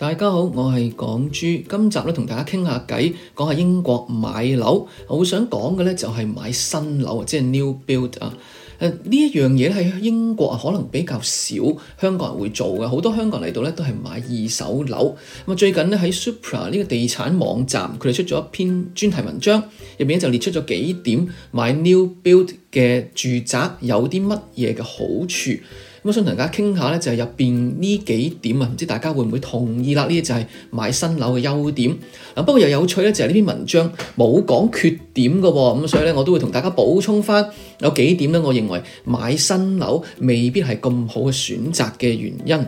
大家好，我係港豬，今集呢，同大家傾下偈，講下英國買樓，我想講嘅呢，就係、是、買新樓啊，即係 new build 啊，誒呢一樣嘢喺英國可能比較少香港人會做嘅，好多香港人嚟到呢，都係買二手樓。咁啊最近呢，喺 Supra 呢個地產網站，佢哋出咗一篇專題文章，入面就列出咗幾點買 new build 嘅住宅有啲乜嘢嘅好處。我想同大家傾下咧，就係入邊呢幾點啊，唔知大家會唔會同意啦？呢啲就係買新樓嘅優點。啊，不過又有趣咧，就係呢篇文章冇講缺點嘅喎。咁所以咧，我都會同大家補充返有幾點咧，我認為買新樓未必係咁好嘅選擇嘅原因。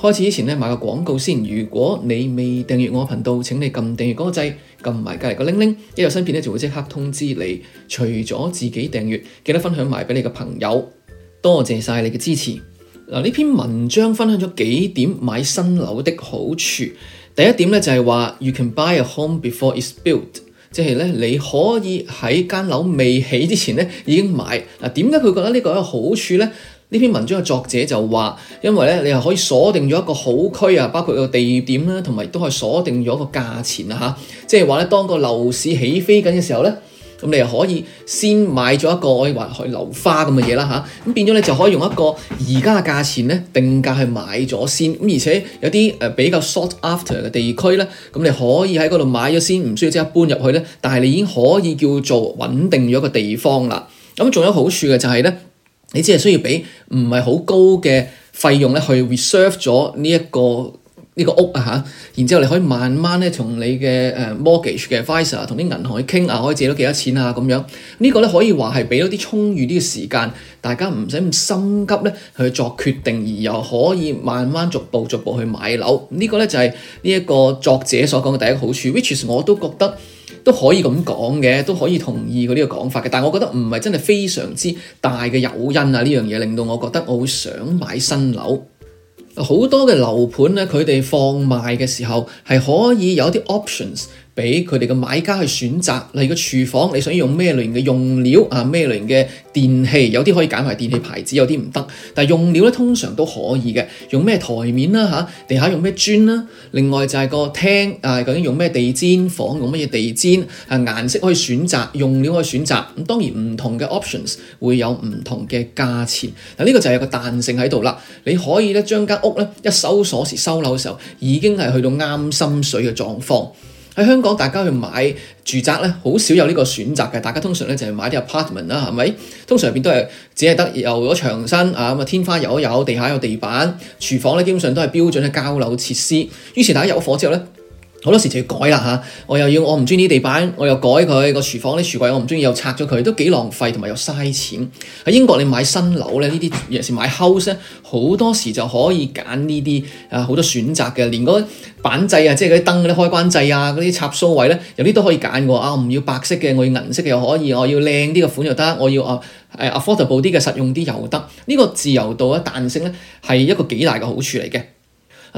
開始之前咧，買個廣告先。如果你未訂閱我頻道，請你撳訂閱嗰個掣，撳埋隔離個鈴鈴，一有新片咧就會即刻通知你。除咗自己訂閱，記得分享埋俾你嘅朋友。多謝晒你嘅支持。嗱，呢篇文章分享咗幾點買新樓的好處。第一點咧就係話，You can buy a home before it's built，即係你可以喺間樓未起之前咧已經買。嗱，點解佢覺得呢個有好處呢？呢篇文章嘅作者就話，因為你係可以鎖定咗一個好區啊，包括一個地點啦，同埋亦都係鎖定咗個價錢啊，吓，即係話咧，當個樓市起飛緊嘅時候呢。咁你又可以先買咗一個，我話去樓花咁嘅嘢啦嚇，咁、啊、變咗咧就可以用一個而家嘅價錢咧定價去買咗先，咁而且有啲比較 sought after 嘅地區咧，咁你可以喺嗰度買咗先，唔需要即刻搬入去咧，但係你已經可以叫做穩定咗一個地方啦。咁仲有好處嘅就係、是、咧，你只係需要俾唔係好高嘅費用咧去 reserve 咗呢、這、一個。呢個屋啊嚇，然之後你可以慢慢呢，同你嘅誒、呃、mortgage 嘅 advisor 同啲銀行去傾啊，可以借到幾多錢啊咁樣。呢、這個呢，可以話係畀咗啲充裕啲嘅時間，大家唔使咁心急呢，去作決定，而又可以慢慢逐步逐步去買樓。呢、這個呢，就係呢一個作者所講嘅第一個好處，which is 我都覺得都可以咁講嘅，都可以同意佢呢個講法嘅。但係我覺得唔係真係非常之大嘅誘因啊，呢樣嘢令到我覺得我會想買新樓。好多嘅樓盤咧，佢哋放賣嘅時候係可以有啲 options。俾佢哋嘅買家去選擇，例如個廚房，你想用咩類型嘅用料啊？咩類型嘅電器？有啲可以揀埋電器牌子，有啲唔得。但係用料咧，通常都可以嘅。用咩台面啦？嚇、啊，地下用咩磚啦？另外就係個廳啊，究竟用咩地氈？房用乜嘢地氈啊？顏色可以選擇，用料可以選擇。咁、啊、當然唔同嘅 options 會有唔同嘅價錢。嗱、啊，呢、呢個就係有個彈性喺度啦。你可以咧將間屋咧一收鎖匙收樓嘅時候，已經係去到啱心水嘅狀況。喺香港，大家去買住宅呢，好少有呢個選擇嘅。大家通常呢，就係、是、買啲 apartment 啦，係咪？通常入邊都係只係得有咗牆身啊，天花有，有，有地下有地板，廚房呢，基本上都係標準嘅交樓設施。於是大家入咗伙之後呢。好多時就要改啦，我又要我唔中意啲地板，我又改佢、個廚房啲、個、櫥櫃，我唔中意又拆咗佢，都幾浪費同埋又嘥錢。喺英國你買新樓呢啲尤其是買 house 呢，好多時就可以揀呢啲啊，好多選擇嘅。連嗰板掣啊，即係嗰啲燈嗰啲開關掣啊，嗰啲插蘇位呢，有啲都可以揀嘅啊。我唔要白色嘅，我要銀色嘅又可以，我要靚啲嘅款又得，我要啊 affordable 啲嘅實用啲又得。呢、呢個自由度咧彈性呢，係一個幾大嘅好處嚟嘅。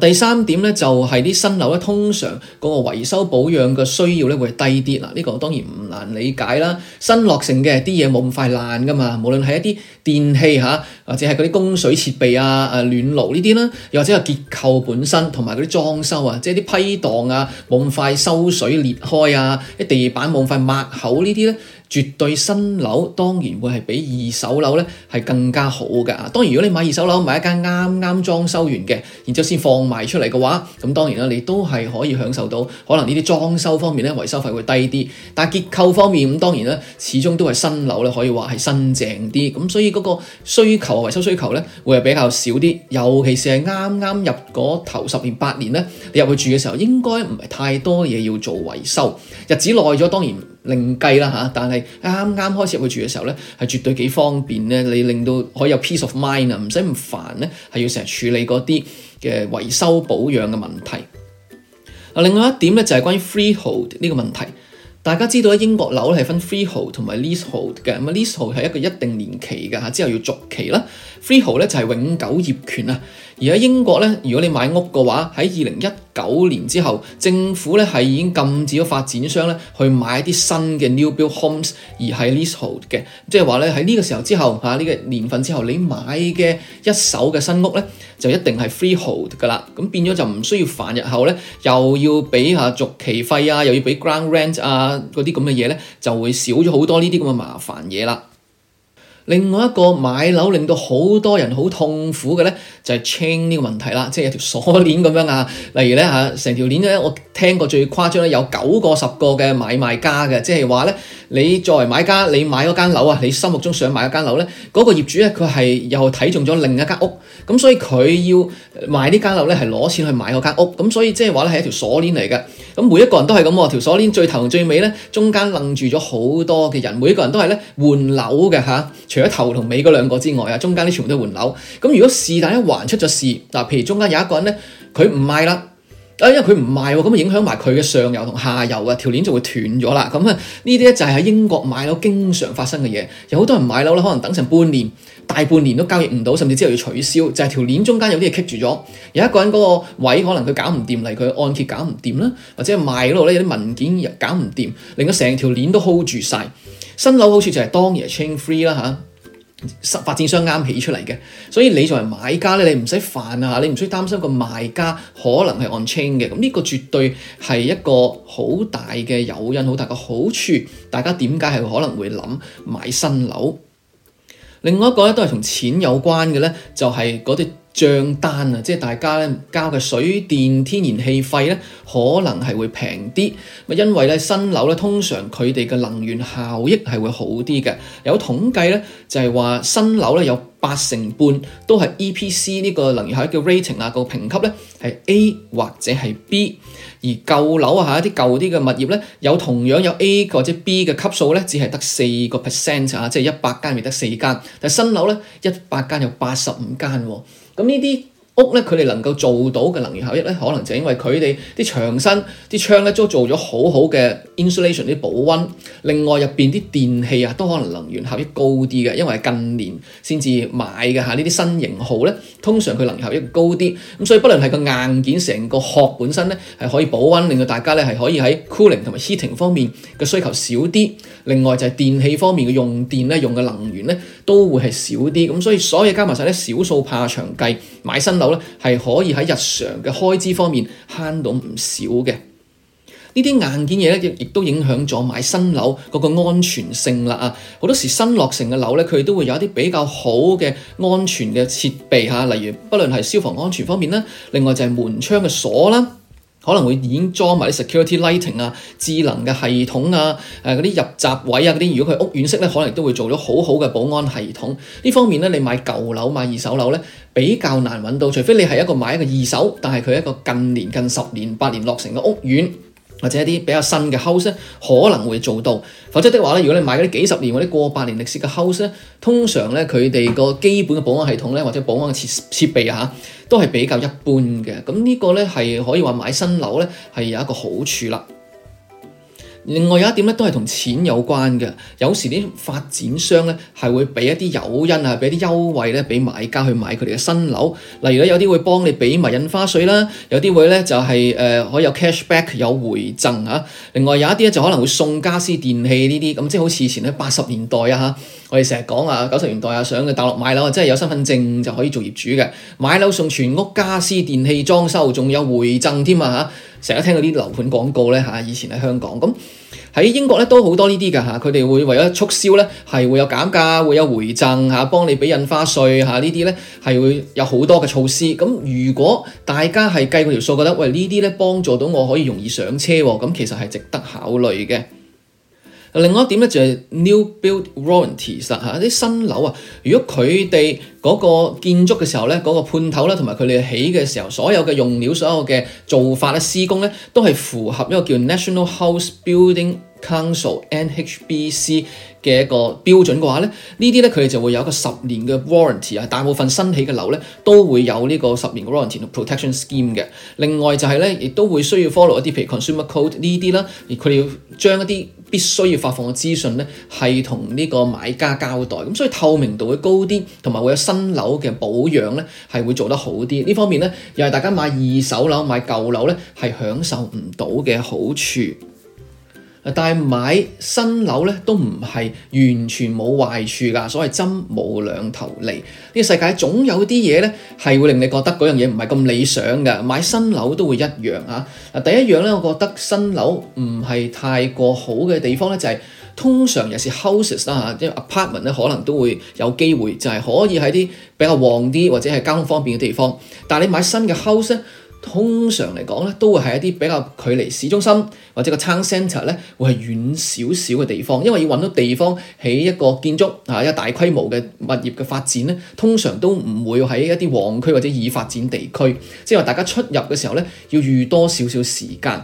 第三點呢，就係啲新樓咧，通常嗰個維修保養嘅需要咧會低啲啦。呢個當然唔難理解啦。新落成嘅啲嘢冇咁快爛㗎嘛，無論係一啲電器或者係嗰啲供水設備啊、暖爐呢啲啦，又或者係結構本身同埋嗰啲裝修啊，即係啲批盪啊，冇咁快收水裂開啊，地板冇咁快抹口呢啲咧。絕對新樓當然會係比二手樓呢係更加好㗎。當然如果你買二手樓買一間啱啱裝修完嘅，然之後先放賣出嚟嘅話，咁當然啦，你都係可以享受到可能呢啲裝修方面呢，維修費會低啲。但係結構方面咁當然啦，始終都係新樓呢，可以話係新淨啲。咁所以嗰個需求維修需求呢，會係比較少啲。尤其是係啱啱入嗰頭十年八年呢，你入去住嘅時候應該唔係太多嘢要做維修。日子耐咗當然，另計啦嚇，但係啱啱開始入去住嘅時候咧，係絕對幾方便咧。你令到可以有 peace of mind 啊，唔使咁煩咧，係要成日處理嗰啲嘅維修保養嘅問題。另外一點咧就係關於 freehold 呢個問題。大家知道咧，英國樓係分 freehold 同埋 leasehold 嘅。咁啊，leasehold 係一個一定年期嘅嚇，之後要續期啦。freehold 咧就係永久業權啊。而喺英國呢，如果你買屋嘅話，喺二零一九年之後，政府呢係已經禁止咗發展商呢去買啲新嘅 new build homes，而係 leasehold 嘅，即係話呢，喺呢個時候之後，嚇、啊、呢、呢個年份之後，你買嘅一手嘅新屋呢，就一定係 freehold 㗎喇，咁變咗就唔需要煩，日後呢，又要畀下續期費啊，又要畀 ground rent 啊嗰啲咁嘅嘢呢，就會少咗好多呢啲咁嘅麻煩嘢啦。另外一個買樓令到好多人好痛苦嘅呢，就係、是、chain 呢個問題啦，即係一條鎖鏈咁樣啊。例如呢，嚇，成條鏈呢，我聽過最誇張呢，有九個十個嘅買賣家嘅，即係話呢，你作為買家，你買嗰間樓啊，你心目中想買嗰間樓呢，嗰、那個業主呢，佢係又睇中咗另一間屋，咁所以佢要賣呢間樓呢，係攞錢去買嗰間屋，咁所以即係話呢，係一條鎖鏈嚟嘅。咁每一個人都係咁喎，條鎖鏈最頭和最尾咧，中間愣住咗好多嘅人，每一個人都係咧換樓嘅嚇，除咗頭同尾嗰兩個之外啊，中間咧全部都換樓。咁、嗯、如果是但一環出咗事嗱，譬如中間有一個人咧，佢唔賣啦。因為佢唔賣喎，咁影響埋佢嘅上游同下游啊，條鏈就會斷咗啦。咁啊，呢啲咧就係喺英國買樓經常發生嘅嘢。有好多人買樓咧，可能等成半年、大半年都交易唔到，甚至之後要取消，就係條鏈中間有啲嘢棘住咗。有一個人嗰個位可能佢搞唔掂，例如佢按揭搞唔掂啦，或者係賣嗰度咧有啲文件又搞唔掂，令到成條鏈都 hold 住晒。新樓好似就係當然係 chain free 啦嚇。十發展商啱起出嚟嘅，所以你作為買家咧，你唔使煩啊，你唔需要擔心個賣家可能係 on chain 嘅，咁呢個絕對係一個好大嘅誘因，好大嘅好處。大家點解係可能會諗買新樓？另外一個咧都係同錢有關嘅咧，就係嗰啲。賬單啊，即係大家咧交嘅水電天然氣費咧，可能係會平啲。咪因為咧新樓咧通常佢哋嘅能源效益係會好啲嘅。有統計咧就係話新樓咧有八成半都係 EPC 呢個能源效益嘅 rating 啊，個評級咧係 A 或者係 B。而舊樓啊，一啲舊啲嘅物業咧有同樣有 A 或者 B 嘅級數咧只係得四個 percent 啊，即係一百間未得四間，但係新樓咧一百間有八十五間喎。咁呢啲。屋咧，佢哋能夠做到嘅能源效益咧，可能就因為佢哋啲牆身、啲窗咧都做咗好好嘅 insulation 啲保溫。另外入邊啲電器啊，都可能能源效益高啲嘅，因為近年先至買嘅嚇呢啲新型號咧，通常佢能源效益高啲。咁所以不論係個硬件成個殼本身咧，係可以保溫，令到大家咧係可以喺 cooling 同埋 heating 方面嘅需求少啲。另外就係電器方面嘅用電咧，用嘅能源咧都會係少啲。咁所以所有加埋曬咧，小數怕長計，買新樓，係可以喺日常嘅開支方面慳到唔少嘅。呢啲硬件嘢，亦都影響咗買新樓嗰個安全性啦啊！好多時候新落成嘅樓咧，佢都會有一啲比較好嘅安全嘅設備，啊，例如不論係消防安全方面啦，另外就係門窗嘅鎖啦。可能會已經裝埋啲 security lighting 啊、智能嘅系統啊、誒嗰啲入閘位啊嗰啲，如果佢係屋苑式咧，可能都會做咗好好嘅保安系統。呢方面咧，你買舊樓，買二手樓咧，比較難揾到，除非你係一個買一個二手，但係佢係一個近年近十年八年落成嘅屋苑。或者一啲比較新嘅 house，可能會做到；否則的話呢，如果你買嗰啲幾十年或者過百年歷史嘅 house，通常呢，佢哋個基本嘅保安系統呢，或者保安設設備嚇、啊，都係比較一般嘅。咁呢個呢係可以話買新樓呢，係有一個好處啦。另外，back, 另外有一點都係同錢有關嘅。有時啲發展商咧係會俾一啲誘因啊，俾啲優惠咧俾買家去買佢哋嘅新樓。例如有啲會幫你俾埋印花稅啦，有啲會就係可以有 cashback 有回贈。另外有一啲就可能會送家私電器呢啲。咁即好似以前八十年代啊，我哋成日講啊九十年代啊，上大陸買樓啊，係有身份證就可以做業主嘅。買樓送全屋家私電器裝修，仲有回贈添啊！成日聽到啲樓盤廣告咧嚇，以前喺香港，咁喺英國咧都好多呢啲噶嚇，佢哋會為咗促銷咧係會有減價，會有回贈嚇，幫你俾印花稅嚇呢啲咧係會有好多嘅措施。咁如果大家係計過條數，覺得喂呢啲咧幫助到我可以容易上車喎，咁其實係值得考慮嘅。另外一點咧就係 New Build Warranties 啊，嚇啲新樓啊，如果佢哋。嗰個建築嘅時候咧，嗰個判頭啦，同埋佢哋起嘅時候，所有嘅用料、所有嘅做法咧、施工咧，都係符合一個叫 National House Building Council（NHBC） 嘅一個標準嘅話咧，呢啲咧佢哋就會有一個十年嘅 warranty 啊。大部分新起嘅樓咧都會有呢個十年嘅 warranty protection scheme 嘅。另外就係咧，亦都會需要 follow 一啲，譬如 consumer code 呢啲啦，而佢哋要將一啲必須要發放嘅資訊咧，係同呢個買家交代。咁所以透明度會高啲，同埋會有新。新樓嘅保養咧係會做得好啲，呢方面咧又係大家買二手樓、買舊樓咧係享受唔到嘅好處。但係買新樓咧都唔係完全冇壞處噶，所謂針冇兩頭利，呢個世界總有啲嘢咧係會令你覺得嗰樣嘢唔係咁理想噶，買新樓都會一樣啊。嗱，第一樣咧，我覺得新樓唔係太過好嘅地方咧就係。通常又係 houses 啦嚇，因為 apartment 呢可能都會有機會，就係可以喺啲比較旺啲或者係交通方便嘅地方。但你買新嘅 house 呢，通常嚟講呢，都會係一啲比較距離市中心或者個 town center 呢，咧會係遠少少嘅地方，因為要揾到地方起一個建築嚇、啊、一個大規模嘅物業嘅發展呢，通常都唔會喺一啲旺區或者已發展地區，即係話大家出入嘅時候呢，要預多少少時間。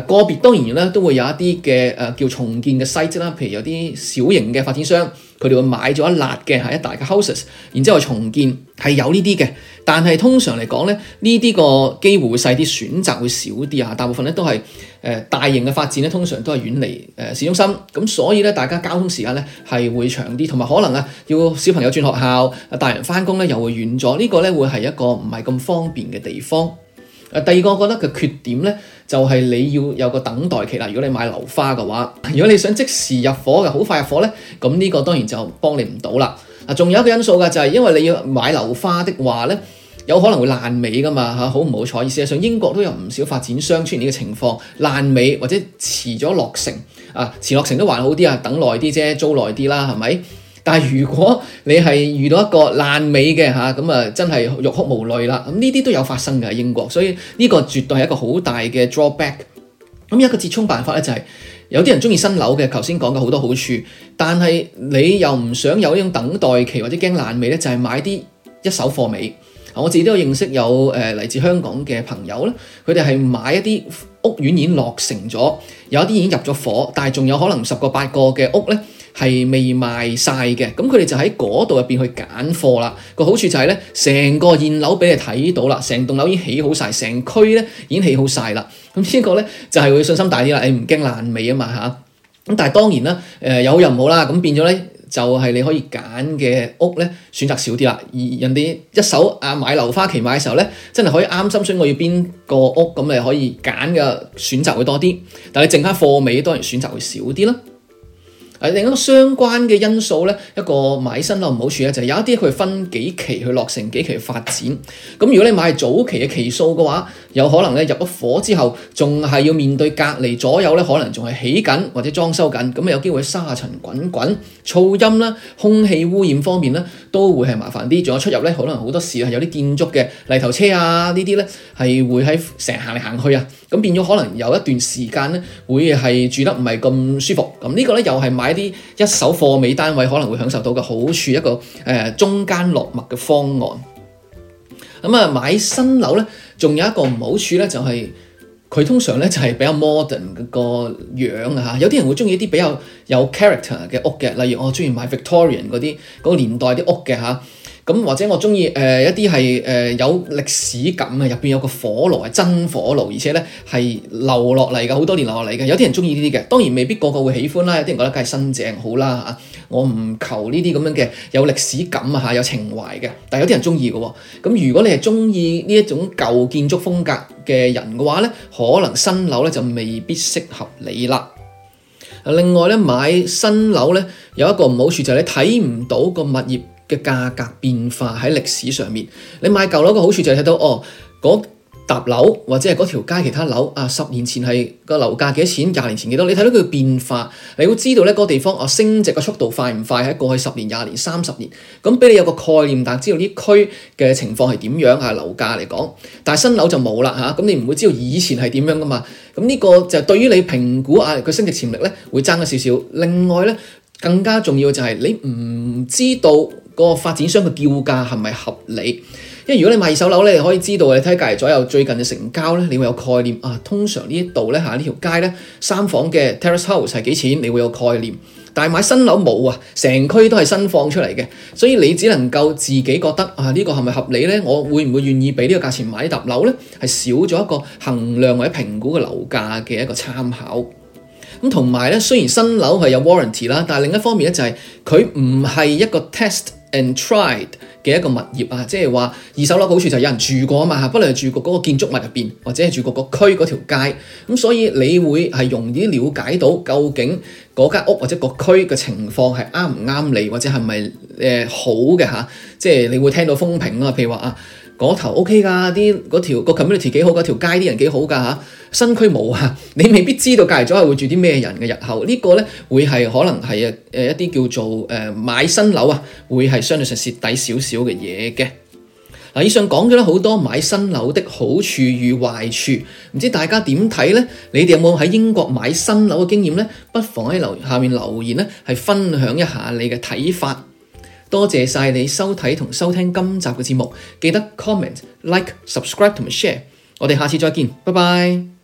個別當然咧都會有一啲嘅誒叫重建嘅細節啦，譬如有啲小型嘅發展商，佢哋會買咗一辣嘅係一大嘅 houses，然之後重建係有呢啲嘅。但係通常嚟講咧，呢啲個機會會細啲，選擇會少啲啊。大部分咧都係誒、呃、大型嘅發展咧，通常都係遠離誒市中心，咁所以咧大家交通時間咧係會長啲，同埋可能啊要小朋友轉學校、大人翻工咧又會遠咗，這個、呢個咧會係一個唔係咁方便嘅地方。誒、呃、第二個我覺得嘅缺點咧。就係你要有個等待期啦。如果你買樓花嘅話，如果你想即時入伙嘅，好快入伙呢，咁、這、呢個當然就幫你唔到啦。嗱，仲有一個因素嘅就係、是，因為你要買樓花嘅話呢，有可能會爛尾噶嘛嚇，好唔好彩？事實上英國都有唔少發展商出現呢個情況，爛尾或者遲咗落成啊，遲落成都還好啲啊，等耐啲啫，租耐啲啦，係咪？但如果你係遇到一個爛尾嘅嚇，咁啊真係欲哭無淚啦！咁呢啲都有發生嘅喺英國，所以呢個絕對係一個好大嘅 drawback。咁、嗯、一個折衷辦法咧、就是，就係有啲人中意新樓嘅，頭先講嘅好多好處，但係你又唔想有呢種等待期或者驚爛尾咧，就係、是、買啲一,一手貨尾。我自己都有認識有誒嚟自香港嘅朋友咧，佢哋係買一啲屋苑已經落成咗，有啲已經入咗伙，但係仲有可能十個八個嘅屋咧。係未賣晒嘅，咁佢哋就喺嗰度入邊去揀貨啦。個好處就係、是、咧，成個現樓畀你睇到啦，成棟樓已經起好晒，成區咧已經起好晒啦。咁呢個咧就係、是、會信心大啲啦，誒唔驚爛尾嘛啊嘛嚇。咁但係當然啦，誒、呃、有人就唔好啦。咁變咗咧就係你可以揀嘅屋咧選擇少啲啦。而人哋一手啊買樓花期買嘅時候咧，真係可以啱心水，我要邊個屋咁你可以揀嘅選擇會多啲。但係剩翻貨尾當然選擇會少啲啦。另一個相關嘅因素呢，一個買新樓唔好處咧，就係、是、有一啲佢分幾期去落成，幾期去發展。咁如果你買早期嘅期數嘅話，有可能咧入咗伙之後，仲係要面對隔離左右呢，可能仲係起緊或者裝修緊，咁啊，有機會沙塵滾滾、噪音啦、空氣污染方面呢，都會係麻煩啲。仲有出入呢，可能好多時係有啲建築嘅泥頭車啊這些呢啲咧係會喺成行嚟行去啊。咁變咗可能有一段時間咧，會係住得唔係咁舒服。咁呢個咧又係買啲一,一手貨尾單位可能會享受到嘅好處，一個誒、呃、中間落墨嘅方案。咁啊，買新樓咧，仲有一個唔好處咧，就係、是、佢通常咧就係、是、比較 modern 個樣啊。嚇，有啲人會中意啲比較有 character 嘅屋嘅，例如我中意買 Victorian 嗰啲嗰、那個、年代啲屋嘅嚇。咁或者我中意、呃、一啲係、呃、有歷史感嘅，入邊有個火爐係真火爐，而且咧係留落嚟嘅，好多年留落嚟嘅。有啲人中意呢啲嘅，當然未必個個會喜歡啦。有啲人覺得梗係新淨好啦、啊、我唔求呢啲咁樣嘅有歷史感、啊、有情懷嘅。但有啲人中意嘅喎。咁、啊、如果你係中意呢一種舊建築風格嘅人嘅話呢，可能新樓咧就未必適合你啦。另外咧買新樓咧有一個唔好處就係你睇唔到個物業嘅價格變化喺歷史上面，你買舊樓嘅好處就係睇到哦，嗰沓樓或者係嗰條街其他樓啊，十年前係個樓價幾多錢，廿年前幾多，你睇到佢嘅變化，你會知道咧嗰、那個地方哦、啊、升值嘅速度快唔快，喺過去十年、廿年、三十年，咁俾你有個概念，但係知道呢區嘅情況係點樣啊，樓價嚟講，但係新樓就冇啦嚇，咁、啊、你唔會知道以前係點樣噶嘛。咁呢個就對於你評估啊佢升值潛力咧會爭少少。另外咧，更加重要就係你唔知道。個發展商嘅叫價係咪合理？因為如果你買二手樓咧，你可以知道你睇隔籬左右最近嘅成交咧，你會有概念啊。通常呢度咧嚇呢條街咧，三房嘅 terrace house 係幾錢？你會有概念。但係買新樓冇啊，成區都係新放出嚟嘅，所以你只能夠自己覺得啊，呢、呢個係咪合理咧？我會唔會願意俾呢個價錢買樓呢沓樓咧？係少咗一個衡量或者評估嘅樓價嘅一個參考。咁同埋咧，雖然新樓係有 warranty 啦，但係另一方面咧就係佢唔係一個 test。and tried 嘅一個物業啊，即係話二手樓好處就有人住過啊嘛，不論係住過嗰個建築物入邊，或者係住過個區嗰條街，咁所以你會係容易了解到究竟嗰間屋或者個區嘅情況係啱唔啱你，或者係咪誒好嘅吓，即係你會聽到風評啊，譬如話啊。嗰頭 OK 㗎，啲嗰條個 community 幾好的，嗰條街啲人幾好㗎嚇。新區冇啊，你未必知道隔離咗係會住啲咩人嘅。日後呢、這個呢，會係可能係、呃、一啲叫做誒、呃、買新樓啊，會係相對上蝕底少少嘅嘢嘅。以上講咗好多買新樓嘅好處與壞處，唔知大家點睇呢？你哋有冇喺英國買新樓嘅經驗呢？不妨喺樓下面留言呢，係分享一下你嘅睇法。多謝晒你收睇同收聽今集嘅節目，記得 comment、like、subscribe 同 share。我哋下次再見，拜拜。